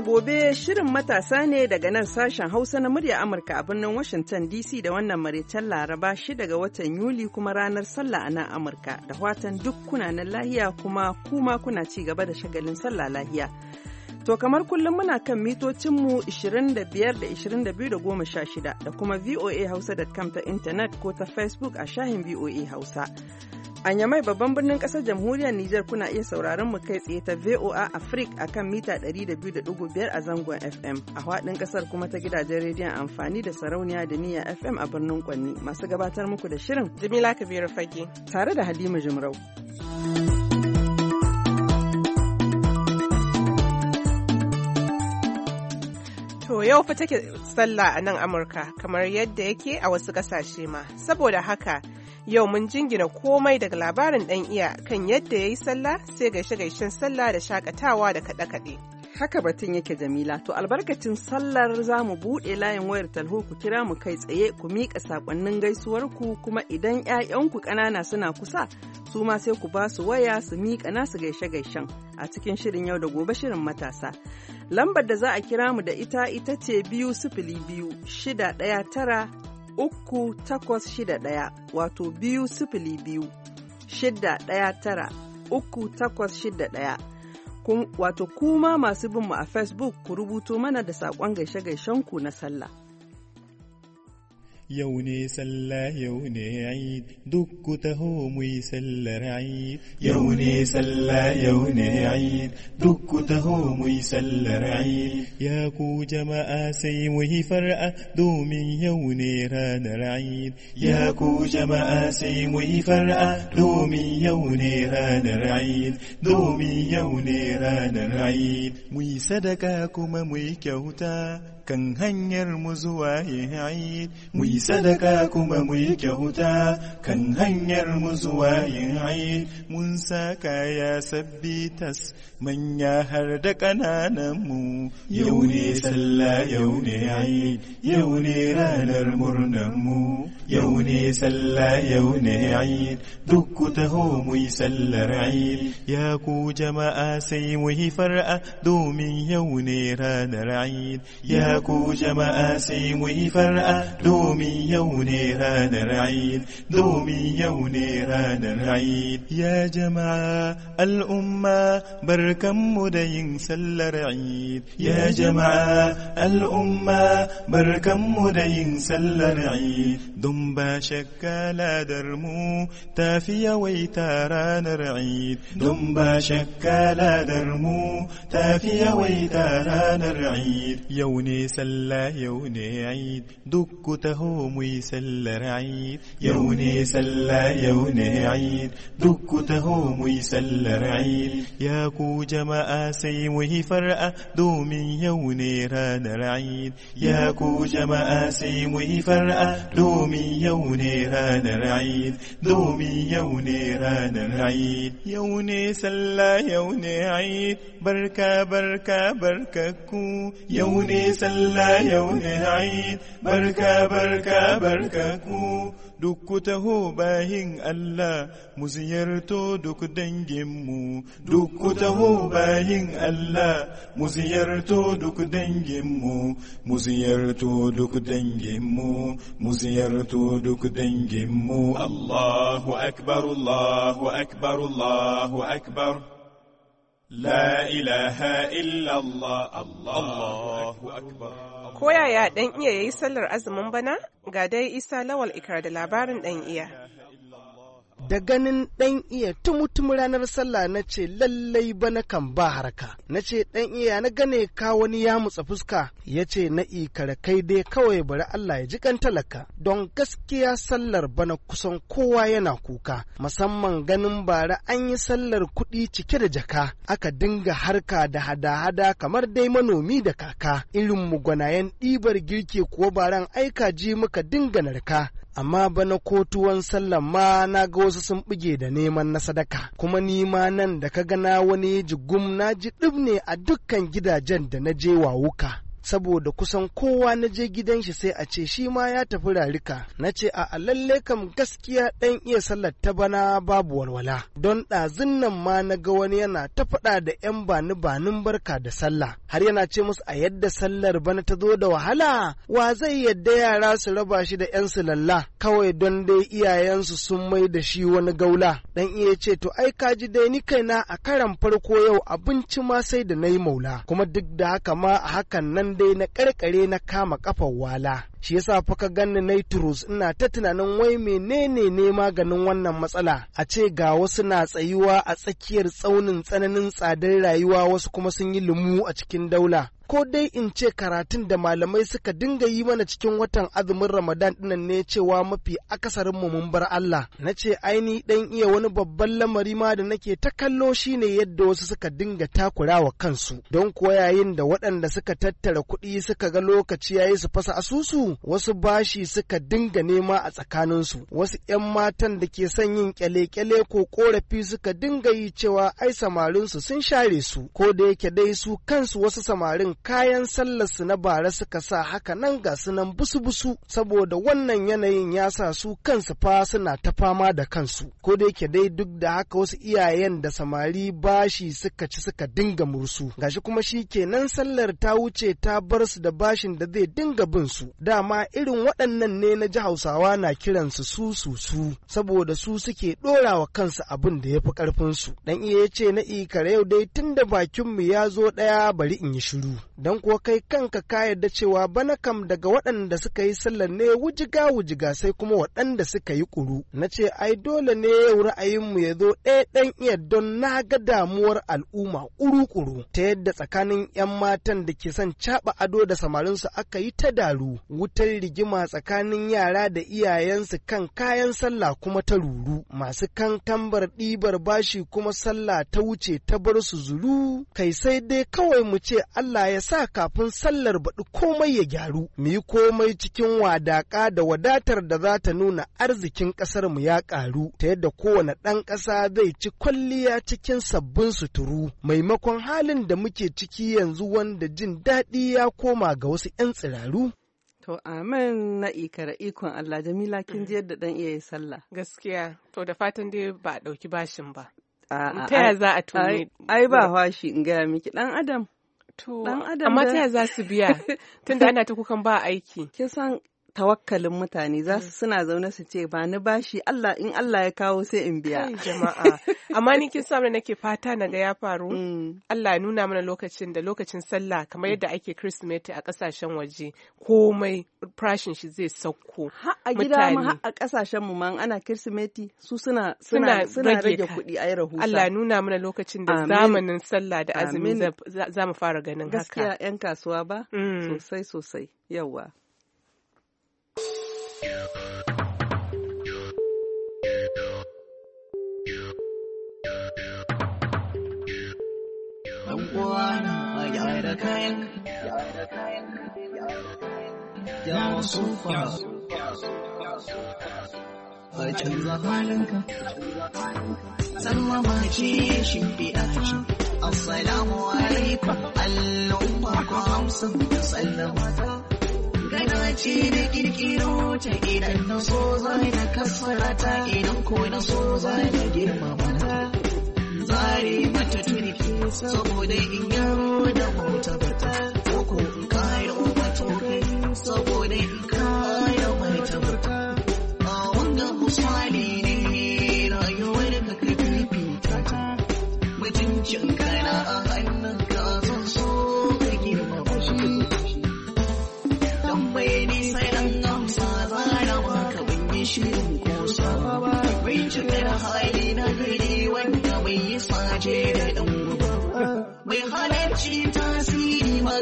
da gobe shirin matasa ne daga nan sashen Hausa na murya Amurka a birnin Washington DC da wannan maraicen Laraba shi daga watan Yuli kuma ranar sallah a nan Amurka da watan duk kunanan lahiya kuma kuma kuna ci gaba da shagalin sallah lahiya. To kamar kullum muna kan mitocinmu 25 da 22 da kuma da kuma ta intanet ko ta Facebook a shahin VOA Hausa. A Yamai babban birnin kasar jamhuriyar Nijar kuna iya sauraron mu kai tsaye ta VOA Africa akan mita 200.5 a zangon FM. A faɗin kasar kuma ta gidajen rediyon amfani da sarauniya da niyya FM a birnin Kwanni. Masu gabatar muku da shirin Jamila Kabiru Fage tare da Halima Jumrau. To yau fa take sallah a nan Amurka kamar yadda yake a wasu ƙasashe ma. Saboda haka Yau mun jingina komai daga labarin ɗan iya kan yadda ya yi sallah sai gaishe-gaishen sallah da shakatawa da kaɗe-kaɗe. Haka batun yake Jamila, to albarkacin sallar za mu buɗe layin wayar talho ku kira mu kai tsaye ku miƙa saƙonnin gaisuwarku kuma idan 'ya'yanku ƙanana suna kusa su ma sai ku ba su waya su miƙa nasu gaishe-gaishen a cikin shirin yau da gobe shirin matasa. Lambar da za a kira mu da ita ita ce biyu sifili biyu shida ɗaya tara uku takwas shida ɗaya wato biyu sifili biyu shida ɗaya tara uku takwas shida ɗaya wato kuma masu bin mu a facebook ku rubuto mana da saƙon gaishe-gaishenku na sallah. يوني سلا يوني عيد دكته مي سلا عيد يوني سلا يوني عيد دكته مي سلا عيد يا كو جما آسي مي فرأ دومي يوني ران عيد يا كو جما آسي مي فرأ دومي يوني ران عيد دومي يوني ران عيد مي صدقاكم مي كوتا kan hanyar mu zuwa yin mu yi sadaka kuma mu yi kyauta kan hanyar mu zuwa yayi mun sa kaya sabbi tas manya har da ƙanananmu. mu yau ne sallah yau ne yau ne ranar murnan mu yau ne sallah yau ne yayi duk ku taho mu yi sallar ayi ya ku jama'a sai mu yi far'a domin yau ne ranar ayi ya ku jama'a sai mu yi far'a domin yau ne ranar Eid domin yau ne ranar Eid ya jama'a al'umma barkanmu da yin sallar Eid ya jama'a al'umma barkanmu da yin sallar Eid don ba shakka ladar mu tafi yawaita ranar Eid don ba shakka ladar mu tafi yawaita ranar Eid yau ne سلا يوني عيد دكته مي يسلر عيد يوني سلا يوني عيد دكته مي يسلر عيد يا كو جما سيمه فرأ دومي يوني ران العيد يا كو جما سيمه فرأ دومي يوني ران العيد دومي يوني ران العيد يوني سلا يوني عيد بركة بركة بركة كو يوني سلا Allah yau ne Eid, barka barka barka ku, duk ku taho bayin Allah, mu ziyarto duk danginmu, duk ku taho bayin Allah, mu ziyarto duk danginmu, mu ziyarto duk danginmu, mu ziyarto duk danginmu, Allahu Akbar, Allahu Akbar, Allahu Akbar. La ilaha illallah الله akbar. Ko yaya ɗan iya yayi sallar azumin bana? Ga dai Isa Lawal Ikra da labarin ɗan iya. da ganin ɗan iya tumutum ranar sallah na ce lallai ba na kan ba harka na ce ɗan iya na gane ka wani ya mutsa fuska ya ce na ikara kai dai kawai bari Allah ya ji kan talaka don gaskiya sallar bana kusan kowa yana kuka musamman ganin bara an yi sallar kuɗi cike da jaka aka dinga harka da hada-hada kamar dai manomi da kaka irin mugwanayen ɗibar girki kuwa baran aika ji muka dinga narka amma bana ko tuwon sallan ma na ga wasu sun buge da neman na sadaka kuma ni ma nan da ka gana wani jigum na ji ɗib ne a dukkan gidajen da na je wuka. saboda kusan kowa na je gidan shi sai a ce shi ma ya tafi rarika na ce a lalle kam gaskiya ɗan iya sallar ta bana babu walwala don ɗazun nan ma na ga wani yana ta faɗa da yan bani banin barka da sallah har yana ce musu a yadda sallar bana ta zo da wahala wa zai yadda yara su raba shi da yan lalla kawai don dai iyayensu sun mai da shi wani gaula dan iya ce to ai ji dai ni kaina a karan farko yau abinci ma sai da na yi maula kuma duk da haka ma a hakan nan dai na karkare na kama kafar wala shi yasa fa ka ganni na ina ta tunanin wai menene ne maganin wannan matsala a ce ga wasu na tsayuwa a tsakiyar tsaunin tsananin tsadar rayuwa wasu kuma sun yi lumu a cikin daula ko dai in ce karatun da malamai suka dinga yi mana cikin watan azumin Ramadan dinnan ne cewa mafi akasarin mu mun bar Allah na ce aini dan iya wani babban lamari ma da nake ta kallo shine yadda wasu suka dinga takurawa kansu don kuwa yayin da waɗanda suka tattara kuɗi suka ga lokaci yayi su fasa asusu wasu bashi suka dinga nema a tsakanin su wasu 'yan matan da ke son yin kyale-kyale ko korafi suka dinga yi cewa ai samarinsu sun share su ko da yake dai su kansu wasu samarin kayan sallarsu na bara suka sa haka nan ga su nan busu-busu saboda wannan yanayin ya sa su kansu fa suna ta fama da kansu ko da yake dai duk da haka wasu iyayen da samari bashi suka ci suka dinga mursu gashi kuma shi kenan sallar ta wuce ta bar su da bashin da zai dinga bin su dama irin waɗannan ne na ji hausawa na kiransu su su su saboda su suke ɗora wa kansu abin da ya fi ƙarfinsu dan iya ce na ikare yau dai tun da bakinmu ya zo ɗaya bari in yi shiru don kuwa kai kanka ka yarda cewa bana kam daga waɗanda suka yi sallar ne wujiga wujiga sai kuma waɗanda suka yi ƙuru na ce ai dole ne yau ra'ayinmu ya zo ɗaya ɗan iya don na ga damuwar al'umma ƙuru-ƙuru ta yadda tsakanin 'yan matan da ke son caɓa ado da samarinsu aka yi ta daru wutar rigima tsakanin yara da iyayensu kan kayan sallah kuma ta ruru masu kan tambar ɗibar bashi kuma sallah ta wuce ta bar su zuru kai sai dai kawai mu ce Allah ya sa kafin sallar baɗi komai ya gyaru, mu yi komai cikin wadaƙa da wadatar da za ta nuna arzikin ƙasar mu ya ƙaru ta yadda kowane ɗan ƙasa zai ci kwalliya cikin sabbin suturu maimakon halin da muke ciki yanzu wanda jin daɗi ya koma ga wasu 'yan tsiraru. To amen na ikara ikon Allah Jamila kin ji yadda dan iya sallah. Gaskiya to da fatan dai ba a ɗauki bashin ba. Ta za a tuni. Ai ba in gaya miki ɗan Adam. To, amma ta za su biya tunda ana ta kukan ba aiki. Kin san tawakkalin mutane za su mm. suna zaune su ce ba ni bashi Allah in Allah ya kawo sai in biya jama'a amma ni kin samu nake fata na ga ya faru mm. Allah ya nuna mana lokacin da lokacin sallah kamar mm. yadda ake Kirsimeti a kasashen waje komai farashin shi zai sauko ha a gida ma ha a kasashen mu ma ana Kirsimeti su suna suna suna rage kuɗi ai rahusa Allah ya nuna mana lokacin da zamanin sallah da azumi za mu fara ganin haka gaskiya yan kasuwa ba sosai sosai yawa Ya Sufa A canza halinka Sallama ce shimfiɗa ce Assalamu alaikum Allahu Akbar Sallama ta ce da kirkiro ta idan na so za na kasara ta idan ko na so za na girma mata tsari mata turki saboda in yaro da mota bata ko ko in kayo mata saboda in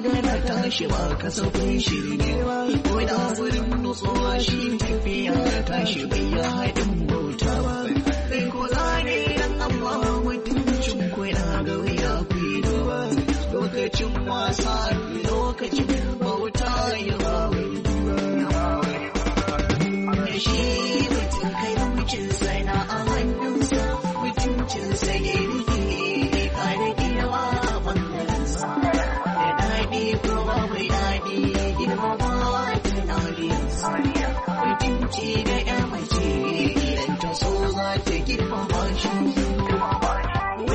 magana tashi ba kasafin shi ne ba ko da wurin nutsuwa shi tafiya tashi bai ya haɗin bauta ba sai ko zane dan amma mutuncin ko yana ga wuya ku yi duba lokacin wasa lokacin bauta ya ba wai duba shi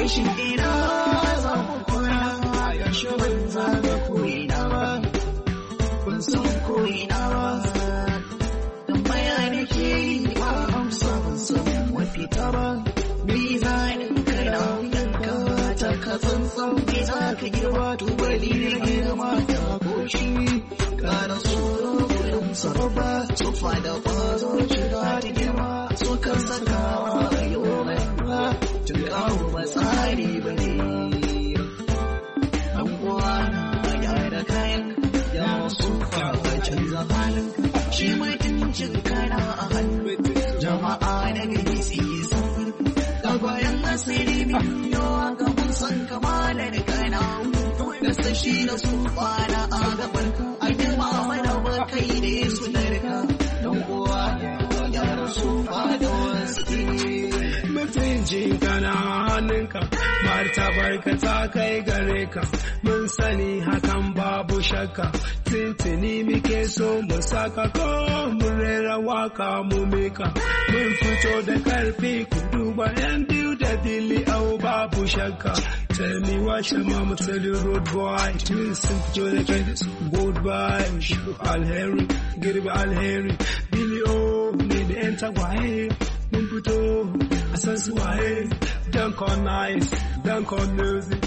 rashin dina za ku a yaushe ban za ku koyi na ba kun san koyi na ba tambaya ke yi ba amsa ban san mafita ba mizanin kana yanka ta ka tsantsan me za ka girma tubali na girma ta koshi kana tsoro gudun sababa tufa da ƙwazo san shi da su kwana a gaban a girma mana bakai ne su narka don kowa ya rasu ba da wasu mutunci kana hannunka martabarka ta kai gare ka mun sani hakan babu shakka tintini muke so mu saka ko mun rera waka mu mika mun fito da karfi ku duba yan biyu da dili au babu shakka tell me what your mama tell you road boy listen to the kids goodbye it girbi Harry. billy oh, need enter wahiri mun fito a san su waye dankon nice dankon music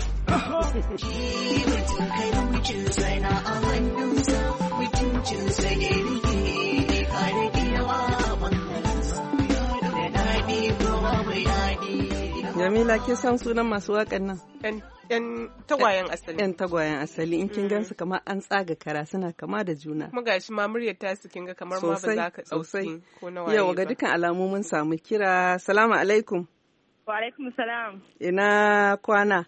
Mutum kai know we a hannunsa mutuncinsa ne Jamila kin san sunan masu wakan nan? Yan tagwayen asali. Yan tagwayen asali in kin gansu kamar an tsaga kara suna kama da juna. Mu gashi ma muryar ta su kinga kamar ma ba za ka tsauki ko na waye. Yau ga dukkan alamu mun samu kira. Salamu alaikum. Wa alaikum salam. Ina kwana.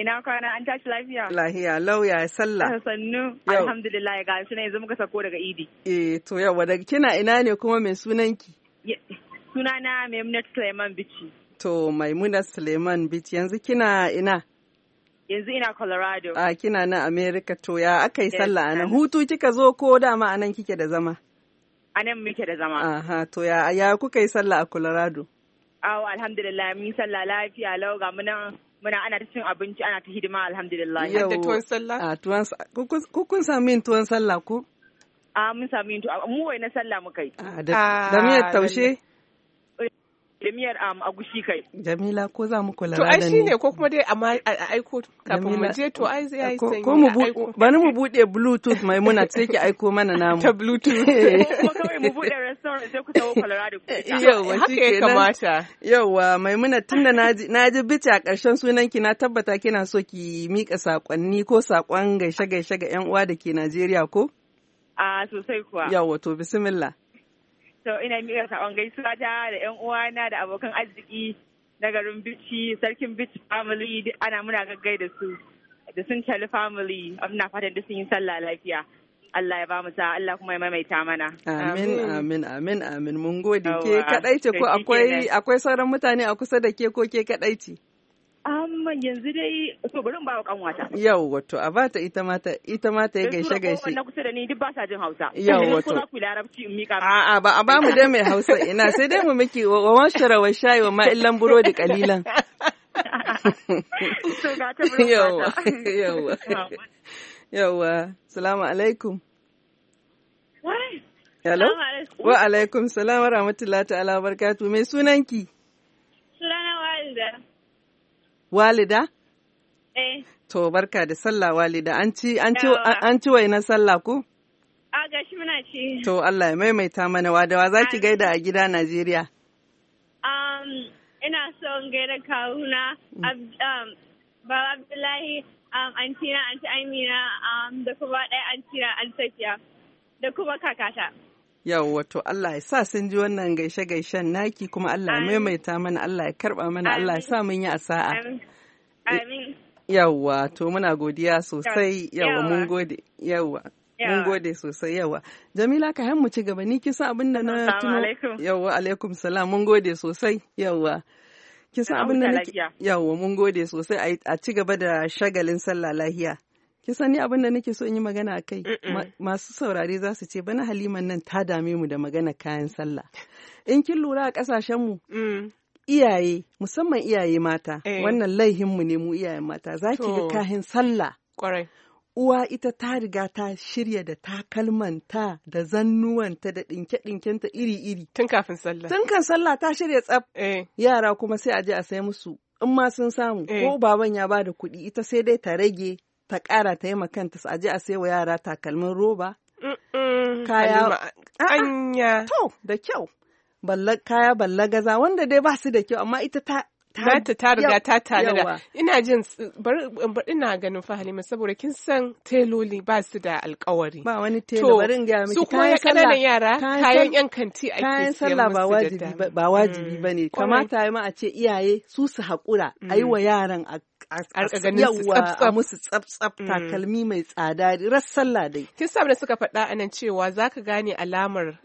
Ina kwana an tashi lafiya? Lahiya, lauya, sallah. Ah, sannu, alhamdulillah ga ne yanzu muka sako daga idi. Eh, to yawa daga kina ina ne kuma mai sunanki? Sunana Maimunatu Sulaiman Bichi. To Maimuna Suleiman Bit yanzu kina ina? Yanzu ina Colorado. A ah, kina nan America to ya aka yi sallah a nan. Hutu kika zo ko dama a nan kike da zama? A nan muke da zama. Aha to ya ya kuka yi sallah a Colorado? Awo alhamdulillah mun sallah lafiya lau ga muna muna ana ta cin abinci ana ta hidima alhamdulillah. Yau. Da tuwon sallah? A ah, tuwon kun sami yin tuwon sallah ko? A ah, mun sami yin tuwon mu wai na sallah muka yi. Da miyar taushe? da miyar um, a gushi kai. Jamila ko za mu kula da ni. To ai shi ne ko kuma dai amma aiko kafin mu je to ai zai yi sanyi. Ko mu bani mu bude bluetooth mai muna sai ki aiko mana namu. Ta bluetooth. Eh. Ko kawai mu bude restaurant sai ku tawo Colorado. Yauwa haka ya kamata. Yauwa muna tunda naji naji bice a karshen sunan ki na tabbata kina so ki mika sakonni ko sakon gaishe gaishe ga yan uwa da ke Najeriya ko? A ah, sosai kuwa. Yauwa to bismillah. to ina miƙa saƙon gaisuwa ta da yan uwana da abokan arziki na garin Bichi, sarkin Bichi family ana muna gaggai da su da sun tali family muna fatan da sun yi sallah lafiya. Allah ya ba mu sa'a Allah kuma ya maimaita mana. Amin amin amin amin mun gode ke kadai ko akwai akwai sauran mutane a kusa da ke ko ke kaɗaici. ce. Um, yanzu dai to bari ba wa kanwata. Yau wato a bata ita mata ita mata ya gaishe gaishe. Na da ni wato. A a ba a mu dai mai Hausa ina sai dai mu miki wa wa shayi wa ma'illan burodi kalilan. Salamu Wa alaikum salam wa rahmatullahi ta'ala Me sunanki? Walida? Eh. To barka da sallah walida an ci an sallah ku? A gashi muna ci. To Allah ya maimaita mana wadawa za ki gaida a gida Najeriya. Um, ina son gaida kawuna mm. um, Baba Abdullahi um, antina anti Amina um, da kuma ɗaya antina an Safiya da kuma kakata. Yau wato Allah ya sa sun ji wannan gaishe-gaishen naki kuma Allah ya maimaita mana Allah ya karba mana Allah ya sa mun yi asa'a. sa'a. Yawwa to muna godiya sosai yawwa mun gode yawwa. Mun gode sosai yawa. Jamila ka mu ci gaba ni kisa abin da na tuno. Yawa alaikum salam mun gode sosai yawa. Kisa abin da na yawa mun gode sosai a ci gaba da shagalin sallah lahiya. ki sani abin da nake so in yi magana a kai masu saurare za su ce bana haliman nan ta dame mu da magana kayan sallah in kin lura a kasashen mu mm. iyaye musamman iyaye mata eh. wannan laihin mu ne mu iyayen mata za ki ga kayan sallah kwarai uwa ita ta riga ta shirya da takalmanta da zannuwanta da ɗinke-ɗinkenta iri-iri. Tun kafin sallah. Tun kan sallah ta shirya tsaf. Eh. Yara kuma sai a je a sai musu in ma sun samu eh. ko baban ya bada kuɗi ita sai dai ta rage ta ƙara ta yi makanta su aje a wa yara takalmin roba. Kaya. Anya. To, da kyau. kaya balla-gaza wanda dai ba su da kyau amma ita ta zata ta riga ta da ina jin bari ina ganin fa Halima saboda kin san teloli ba su da alƙawari ba wani telo bari ga miki su kuma kananan yara kayan yan kanti ake kayan sallah ba wajibi ba wajibi mm, bane kamata ma a ce iyaye su su haƙura ayi wa mm. yaran a yawwa a musu tsaf-tsaf mm. takalmi mai tsada ras sallah dai. Kin sa da suka faɗa a nan cewa za ka gane alamar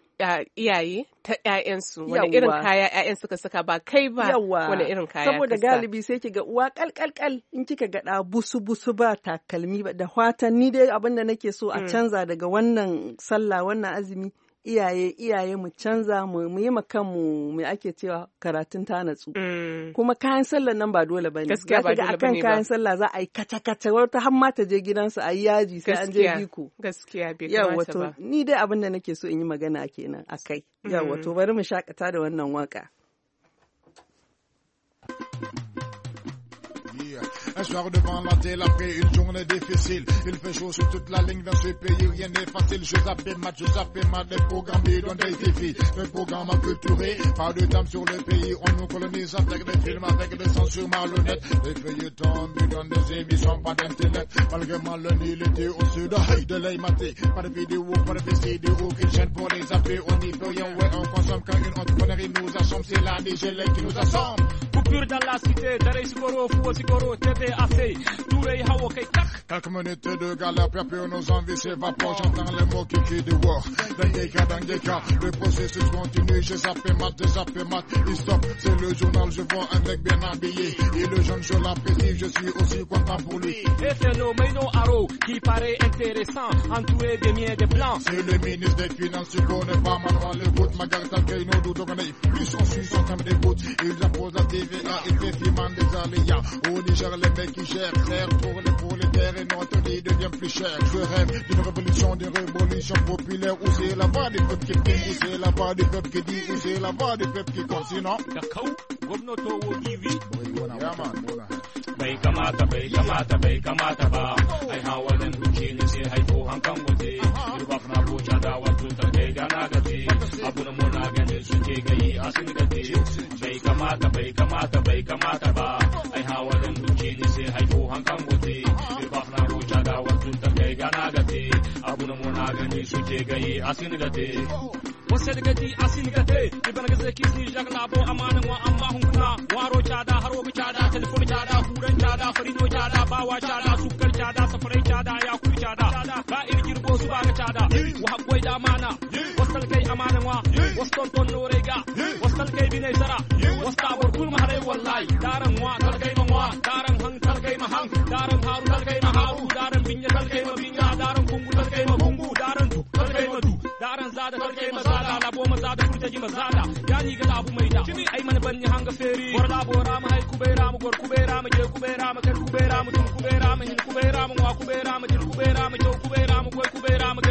iyaye ta ƴaƴansu wani irin kaya ƴaƴan suka saka ba kai ba wani irin kaya saboda galibi sai ki ga uwa kalkalkal in kika ga da busu busu ba takalmi ba da fatan ni dai abinda nake so a mm. canza daga wannan sallah wannan azumi iyaye iyaye mu canza mu yi ma kanmu me ake cewa karatun ta natsu mm. kuma kayan sallah nan ba dole bane gaskiya ba dole akan kayan sallah za a yi kata kata wata har ma ta je gidansa a yi yaji sai an je biku gaskiya bai kamata ba ni dai abin nake so in yi magana kenan akai yawa to bari mu shakata da wannan waka Un soir devant la télé après une journée difficile. Il fait chaud sur toute la ligne dans ce pays, rien n'est facile. Je zappe match, je zappe match, des programmes bidons, des défis. Des programmes culturels. pas de dame sur le pays. On nous colonise avec des films, avec des censures malhonnêtes. Des feuilletons, bidons, des émissions, pas d'internet. Malgré mal, le le était au sud, de l'aimaté maté. Pas de vidéo, pas de vidéo, qui chaîne pour les zapper. On y peut rien, ouais, on consomme quand une entreprenerie nous assomme. C'est la DGL e qui nous assomme coupure dans la cité, Darei Sikoro, fuo Sikoro, TDAC, Turei Hawo kak Quelques minutes de galère, puis nos envies s'évaporent, j'entends les mots qui crient du war. Dangeka, dangeka, le processus continue, j'ai zappé mat, j'ai zappé mat, il stop, c'est le journal, je vois un mec bien habillé, et le jeune je l'apprécie, je suis aussi content pour lui. Et c'est le Meino aro qui paraît intéressant, entouré des miens des blancs. C'est le ministre des Finances, tu connais pas, manuel, les votes, Magal, Tankeino, Doudoganei, plus on suit son de d'écoute, il impose la TV. TVA et défiement des les mecs qui gèrent, pour les et notre vie devient plus cher Je rêve d'une révolution, d'une révolution populaire où c'est la voix des peuples qui c'est la voix des peuples qui disent, où c'est la voix des peuples qui kamata bai kamata bai kamata ba ai hawarin duki ne sai haifo hankan wuce bai ba na roja da wancan da kai gana ga te abu na muna gani su ce gaye a sin ga te wasu daga ji a sin ga te ni bana gaza ki sun jaga labo amanin wa amma hunkuna waro da cada har wabi cada telefon da kuran cada farino cada bawa cada sukar cada safarai cada ya ku cada ba girbo su ba ga da wa hakwai da mana wasal kay amana wa waston ton norega wasal kay binay sara wasta bor kul mahare wallahi daram wa kal kay ma wa daram hang kal kay ma hang daram haru kal kay ma haru daram binya kal kay ma binya daram kungu kal kay ma kungu daram tu kal kay ma tu daram zada kal kay ma zada labo ma zada kurta ji ma zada yani ga labu mai da ai man ban hang, feri borda bora ma hai kubera ma gor kubera ma je kubera ma kar kubera ma tun kubera ma hin kubera ma wa kubera ma jin kubera ma jo kubera ma gor kubera ma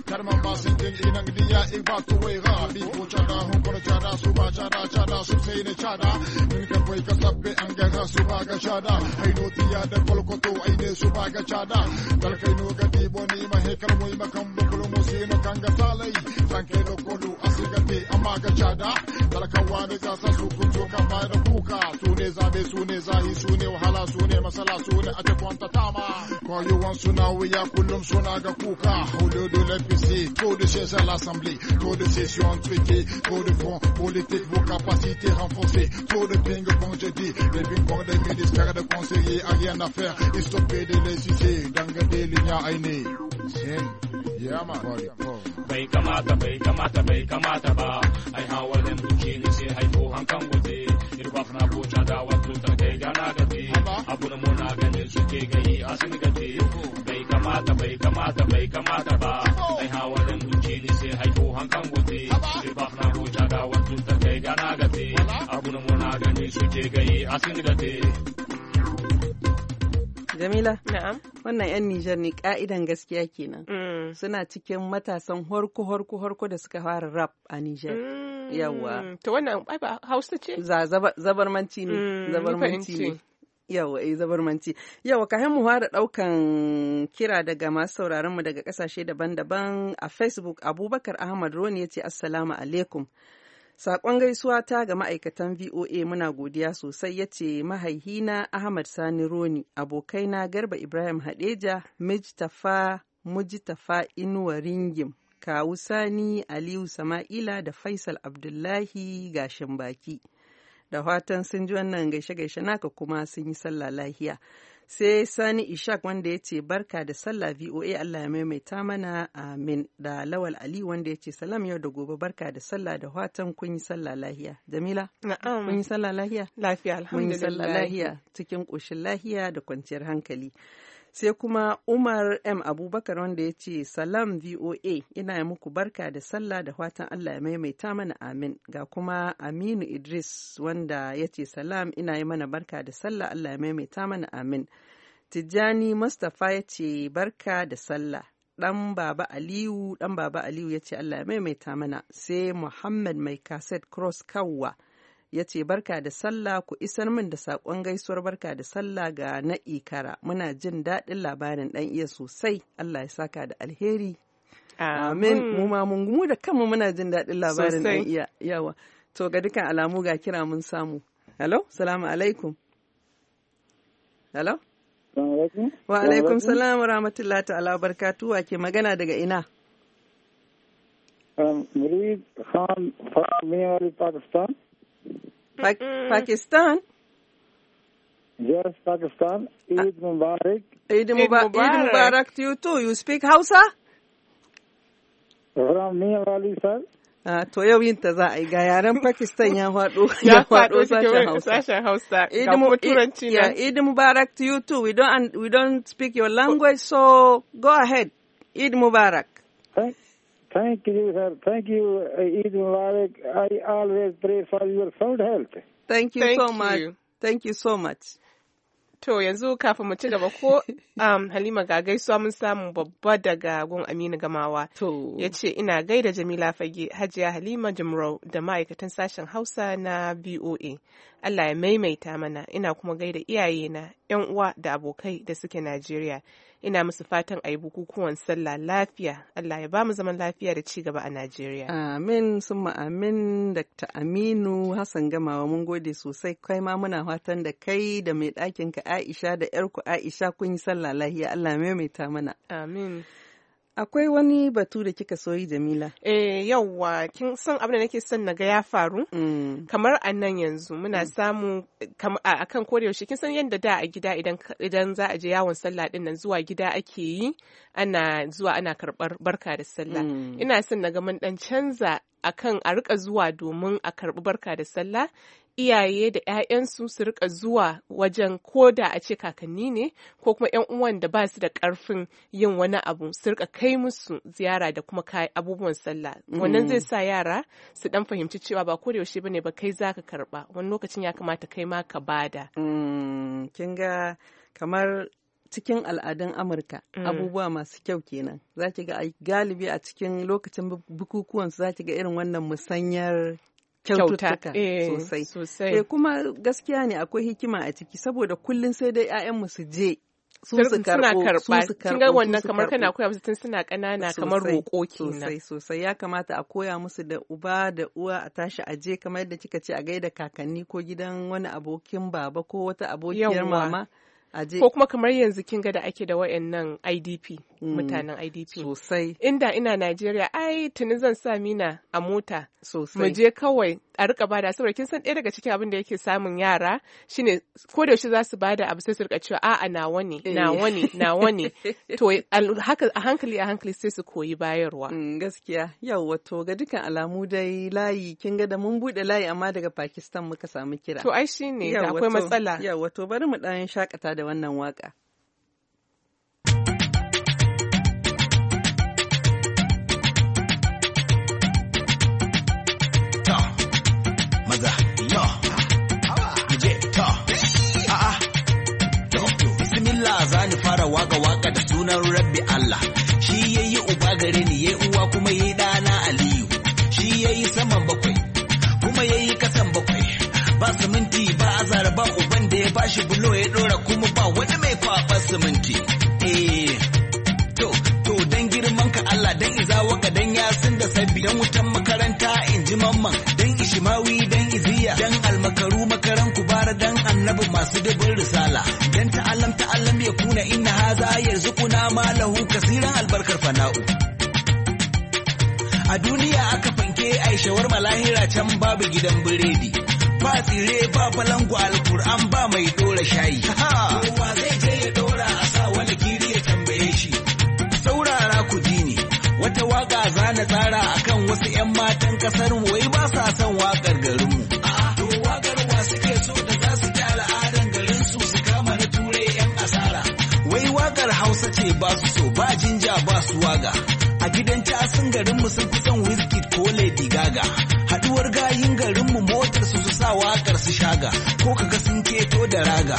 karma basin din inan diya igba to wai chada hun chada suba chada chada su chada min kan wai ka tabbe an ga ga chada ai no tiya da kolkoto ai ne su ga chada dal kai no ga di boni ma he kar moy ma kan bukulo asigati amaga chada dal kan wani ga sa su kunto ka ba da kuka su ne zabe sune ne zahi su ne wahala su ne masala su ne a tafanta tama koyuwan suna wuya kullum suna ga kuka haulodo lafi passé. Trop de chaises à l'Assemblée, trop de sessions truquées, trop de fonds politiques, vos capacités renforcées. Trop de ping-pong, je dis, les ping-pong des ministères de conseillers, a rien à faire, ils stoppent de les sucer. Dangade, ligna, aine. Yama, bai kamata bai kamata bai kamata ba ai hawalin duki ne sai haifo hankan waje irfaf na boca da wato ta kai gana gate ah, bah. abu na muna ganin suke gayi a sun kamata bai kamata bai kamata ba mai hawarin duki ne sai haiko hankan gote shi ba na roja da wato ta kai gana gate abun muna gani shi je gaye a sin gate Jamila, na'am. Wannan 'yan Nijar ne ka'idan gaskiya kenan. Mm. Suna cikin matasan horko horko horko da suka fara rap a Nijar. Mm. Yawwa. To wannan ai ba Hausa ce? Za zabarmanci ne, mm, zabarmanci ne. yawa eh zabarmanci yawa ka mu fara daukan kira daga masu sauraron mu daga kasashe daban-daban a facebook abubakar ahmad roni ya ce assalamu alaikum Sakon gaisuwa ta ga ma'aikatan VOA muna godiya sosai ya ce mahaihina Ahmad Sani Roni, abokaina Garba Ibrahim Hadeja, Mijtafa Mujtafa Inuwa Ringim, Kawu Sani Aliyu Sama'ila da Faisal Abdullahi Gashin Baki. da fatan sun ji wannan gaishe-gaishe naka kuma sun yi sallah lahiya. Sai Sani Ishak wanda ya ce barka da sallah VOA Allah ya maimaita mana amin da Lawal Ali wanda ya ce salam yau da gobe barka da sallah da fatan kun yi sallah lahiya. Jamila? Kun yi sallah lahiya? Lafiya alhamdulillah. Mun yi sallah lahiya cikin koshin lahiya da kwanciyar hankali. sai kuma umar m abubakar wanda ya ce salam voa ina muku barka da sallah da fatan allah ya maimaita mana amin ga kuma aminu idris wanda ya ce salam ina yi mana barka da sallah allah ya maimaita mana amin tijjani mustapha ya ce barka da sallah dan baba aliyu dan baba aliyu ya ce allah ya maimaita mana sai muhammad mai kaset cross kawwa ya ce barka da sallah ku isar min da saƙon gaisuwar barka da sallah ga na ikara muna jin daɗin labarin ɗan iya sosai Allah ya saka da alheri amin mu ma mun mu da kanmu muna jin daɗin labarin ɗan iya yawa to ga dukan alamu ga kira mun samu hello salamu alaikum hello wa alaikum salam wa rahmatullahi ta'ala barkatu wa ke magana daga ina Khan from فاطمية Pakistan. Pakistan. Yes, Pakistan. Ah. Eid Mubarak. Eid Mubarak. Eid Mubarak to you too. You speak Hausa? From me, Ali, sir. a ah, to yau yin ta za a yi ga yaren pakistan ya faɗo ya faɗo sashen hausa ga kuma turanci na eid mubarak to you too we don't we don't speak your language so go ahead eid mubarak thank, Thank you, sir. Thank you, uh, Eid Mubarak. I always pray for your sound health. Thank you Thank so you. much. Thank you so much. To yanzu kafin mu ci gaba ko um, Halima ga gaisuwa mun samu babba daga gun Aminu Gamawa. To. Ya ce ina gaida Jamila Fage, Hajiya Halima Jimrau da ma'aikatan sashen Hausa na BOA. Allah ya maimaita mana ina kuma gaida iyayena, 'yan uwa da abokai da suke Najeriya. ina musu fatan a yi bukukuwan sallah lafiya Allah ya ba mu zaman lafiya da ci gaba a Najeriya. Amin sun amin Dr. Aminu Hassan Gamawa mun gode sosai kai ma muna fatan da kai da mai ɗakin Aisha da 'yarku Aisha kun yi sallah lahiya Allah maimaita mana. Amin. akwai wani batu da kika soyi jamila eh yauwa kin san abin da nake son naga ya faru mm. kamar a nan yanzu muna mm. samu a kan yaushe kin san yadda da a gida idan za a je yawon sallah din nan zuwa gida ake yi ana zuwa ana karbar barka da sallah mm. ina son naga mun dan canza akan a rika zuwa domin a karbi barka da sallah iyaye da 'ya'yansu su rika zuwa wajen koda a ce kakanni ne ko kuma 'yan uwan da ba su da karfin yin wani abu su rika kai musu ziyara da kuma kai abubuwan sallah wannan zai mm. sa yara su dan fahimci cewa ba ko da yaushe bane ba kai zaka karba wani lokacin ya kamata kai ma ka bada mm, kin ga kamar cikin al'adun Amurka mm. abubuwa masu kyau kenan za ki ga galibi a cikin lokacin bukukuwan su za ki ga irin wannan musanyar kyaututtuka eh, sosai. sosai. Eh, kuma gaskiya ne akwai hikima a ciki saboda kullum sai dai 'ya'yanmu su je su su karɓo su kin ga wannan kamar kana koya musu tun suna ƙanana kamar roƙo kenan sosai sosai ya kamata a koya musu da uba da uwa a tashi a je kamar yadda kika ce a gaida kakanni ko gidan wani abokin baba ko wata abokiyar mama a je ko kuma kamar yanzu kin ga da ake da wayannan IDP Mm, mutanen IDP. Sosai. Inda ina Najeriya ai tuni zan sa mina a mota. Sosai. Mu je kawai a rika bada saboda kin san ɗaya daga cikin abin da yake samun yara shine ko da shi za su bada abu sai su rika cewa a'a nawa ne eh. nawa ne nawa ne to haka a hankali a hankali sai su koyi bayarwa. Mm, gaskiya yau to ga dukkan alamu dai layi kin ga da mun buɗe layi amma daga Pakistan muka samu kira. To ai shine akwai matsala. Yau to bari mu ɗan shakata da wannan waka. sunan rabbi Allah shi ya yi uba gare ni ya uwa kuma ya yi ɗana aliyu shi ya yi saman bakwai kuma ya yi kasan bakwai ba siminti ba azara ba uban da ya bashi bulo ya ɗora kuma ba wani mai kwafar siminti eh to to dan girman ka Allah dan izawa ka dan yasin da sabbi dan wutan makaranta inji ji mamman dan ishimawi dan iziya dan almakaru makaran bara dan annabi masu dubin risala dan ta'alam Kuna inna haza yanzu kuna malahu kasiran albarkar fana'u a duniya aka fanke aishawar malahira can babu gidan biredi ba tsire ba falangu alkur'an ba mai dora shayi kowa zai je ya dora a sa wani kiri ya tambaye shi saurara ku ne wata waka zana tsara akan wasu 'yan matan kasar wai ba sa son waka ce ba su so ba jinja ba su waga a gidan casin mu sun fi son whisky ko lady gaga haduwar gayin garin mu motar su su sa wakar su shaga ko kaga sun keto da raga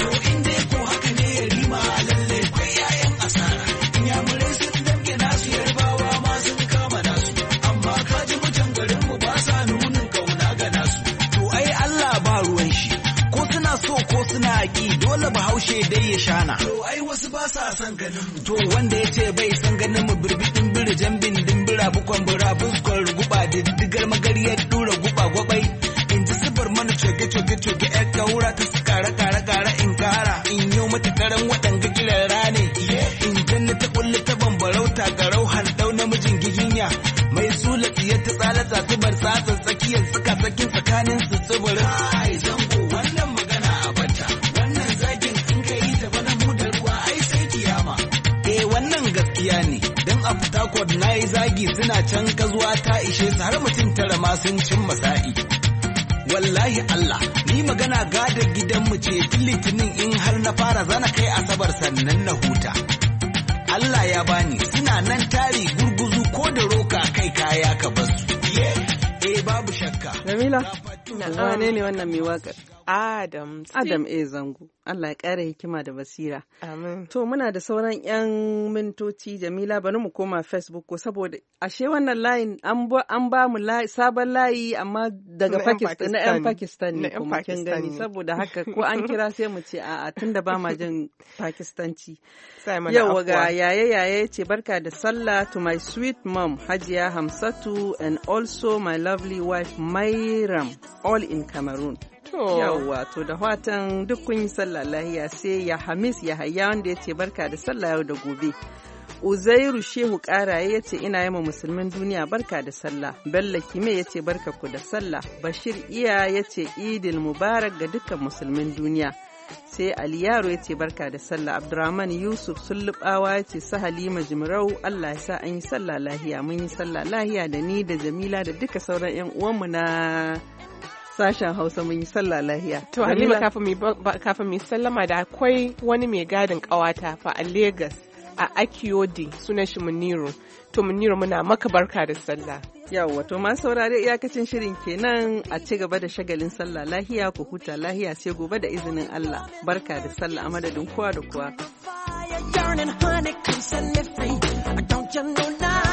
to ko suna ki dole bahaushe dai ya shana. To ai wasu ba sa son ganin mu. To wanda ya ce bai san ganin mu birbiɗin biri jambin dimbira bukon bura buskon ruguba diddigar magariyar dura guba gwabai. In ji sibar mana coge coge coge ƴar kaura ta su kara kara kara in kara in yau mata karan suna can zuwa ta ishe su har mutum tara ma sun cin masa'i wallahi Allah ni magana gadar gidanmu ce tun litinin in har na fara zana kai asabar sannan na huta Allah ya bani suna nan tari gurguzu ko da roka kai kaya ka basu eh babu shakka Jamila wane ne wannan mai waƙar Adam Adam A. Eh, Zango. Allah ya ƙara hikima da basira. Amin. To muna da sauran 'yan mintoci Jamila bari mu koma Facebook ko saboda ashe wannan layin an ba mu sabon layi amma daga Pakistan na 'yan Pakistan ne kuma kin gani saboda haka ko an kira sai mu ce a'a tunda ba ma jin Pakistanci. Yau ga yaye yaye ce barka da sallah to my sweet mom Hajiya Hamsatu and also my lovely wife Mairam all in Cameroon. Yawwa to da watan duk kun yi sallah lahiya sai ya Hamis ya hayya wanda ya ce barka da sallah yau da gobe. Uzairu Shehu Karaye ya ce ina yama musulmin duniya barka da sallah. Bello Kime ya ce barka ku da sallah. Bashir Iya ya ce Idil Mubarak ga dukkan musulmin duniya. sai Ali Yaro ya ce barka da sallah abdulrahman Yusuf Sullubawa ya ce su Halima Jimarau Allah ya sa an yi sallah lahiya mun yi sallah lahiya da ni da Jamila da duka sauran 'yan uwanmu na sashen hausa mun yi sallah lahiya to halima kafin mu sallama da akwai wani mai gadin kawata fa a Legas a akiodi sunan shi muniro to muniro muna maka barka da sallah yawwa to ma saurare iyakacin shirin kenan a ci gaba da shagalin sallah lahiya ku huta lahiya sai gobe da izinin allah barka da sallah a madadin kowa da kowa Don't you know